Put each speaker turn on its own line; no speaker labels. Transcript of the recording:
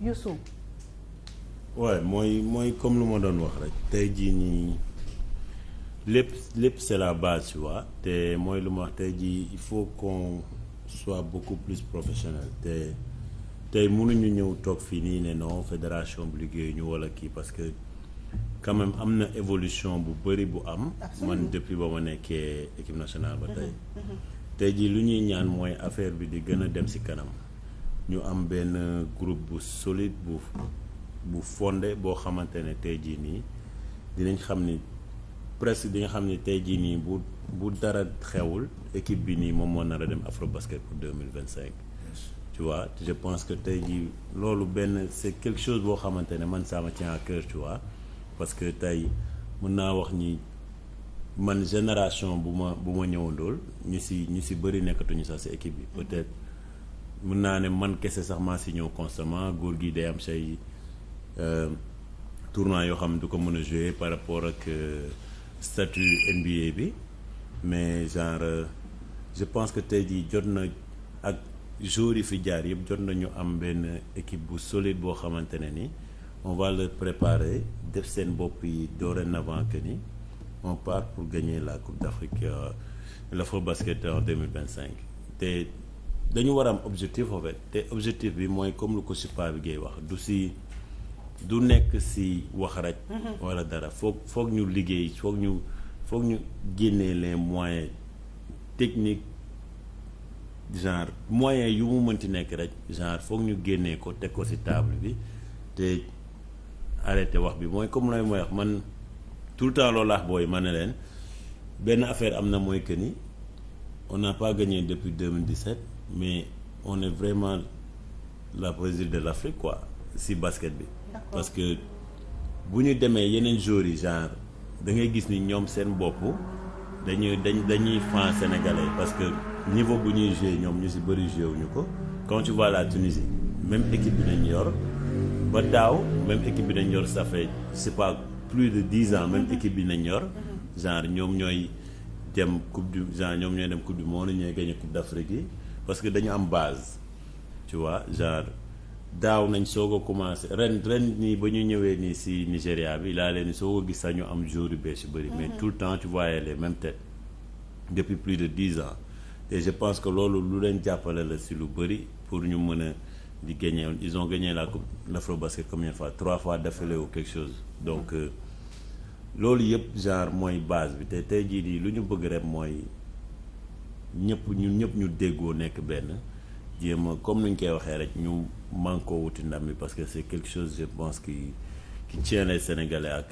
Youssou. waaw mooy mooy comme lu ma doon wax rek tey jii nii lépp lépp c'est la base tu te mooy lu ma wax tey jii il faut qu'on soit beaucoup plus professionnel te tey mënuñu ñëw toog fii nii ne non fédération bu liggéey ñu wala kii parce que quand am na évolution bu bëri bu am. man depuis ba ma nekkee équipe nationale ba tey. Mm-hmm. Mm-hmm. tey jii lu ñuy ñaan mooy affaire bi di gën a dem ci kanam. ñu am benn groupe bu solide bu bu fonde boo xamante ne tey jii nii dinañ xam ni presque di nga xam ne tey jii nii bu bu dara xewul équipe bi nii moom moo nar a dem Afrobasket pour deux mille vingt cinq. tu vois je pense que tey jii loolu benn c'est quelque chose boo xamante ne man ça me tient à cœur parce que tey mën naa wax ni man génération bu ma bu ma ñëwandool ñu si ñu si bëri nekkatuñu sax si équipe bi peut-être. mën naa ne man kese sax maa si ñëw constamment góor gi day am say euh, tournoi yoo xam ne du ko mën a jouer par rapport ak euh, statut NBA bi mais genre euh, je pense que tey jii jot na ak joueurs yi fi jaar yëpp jot nañu am benn équipe bu solide boo xamante ne ni on va le préparer def seen bopp yi dorénavant que ni on part pour gagner la Coupe d'Afrique l'Afrobasket en 2025 te dañu war a objectif en fait te objectif bi mooy comme lu ko suppa bi ngay wax du si du nekk si wax rek. Mm-hmm. wala dara foog foog ñu liggéey foog ñu foog ñu génnee les moyens technique genre moyens yu mu mënti nekk rek genre foog ñu génnee ko teg ko si taable bi te arrêté wax bi mooy comme lay mooy wax man tout le temps loolu laax booy ma ne leen benn affaire am na mooy que ni. on n'a pas gagné depuis 2017 mais on est vraiment la présidente de l'Afrique quoi si basket bi. parce que bu ñu demee yeneen jours yi genre da ngay gis ni ñoom seen bopp dañuy dañ dañuy fan sénégalais parce que niveau bu ñuy joué ñoom ñu si bëri joué wuñu ko quand tu la Tunisie même équipe bi dañ yor ba daaw même équipe bi dañ yor ça fait je sais pas plus de dix ans même mm-hmm. équipe bi dañ yor mm-hmm. genre ñoom ñooy. dem coupe du genre ñoom ñooy dem coupe du monde ñooy gagné coupe d'Afrique yi dañu am base tu vois genre daaw nañ soog a commencé ren ren nii ba ñu ñëwee nii si Nigéria bi laa leen soo a gis sax ñu am jour yu bees yu bëri mais mhm. tout le temps tu voyais les mêmes têtes depuis plus de dix ans te je pense que loolu lu leen jàppale la si lu bëri pour ñu mën a di gagner ils ont gagné la coupe l'Afrobasket combien de fois trois fois d'affilée ou quelque chose donc. Mhm. Euh, loolu yëpp genre mooy base bi te tey jii nii lu ñu bëgg rek mooy ñëpp ñu ñëpp ñu déggoo nekk benn jéem a comme ni ñu koy waxee rek ñu mànkoo wuti ndam bi parce que c'est quelque chose je pense qui qui tient les Sénégalais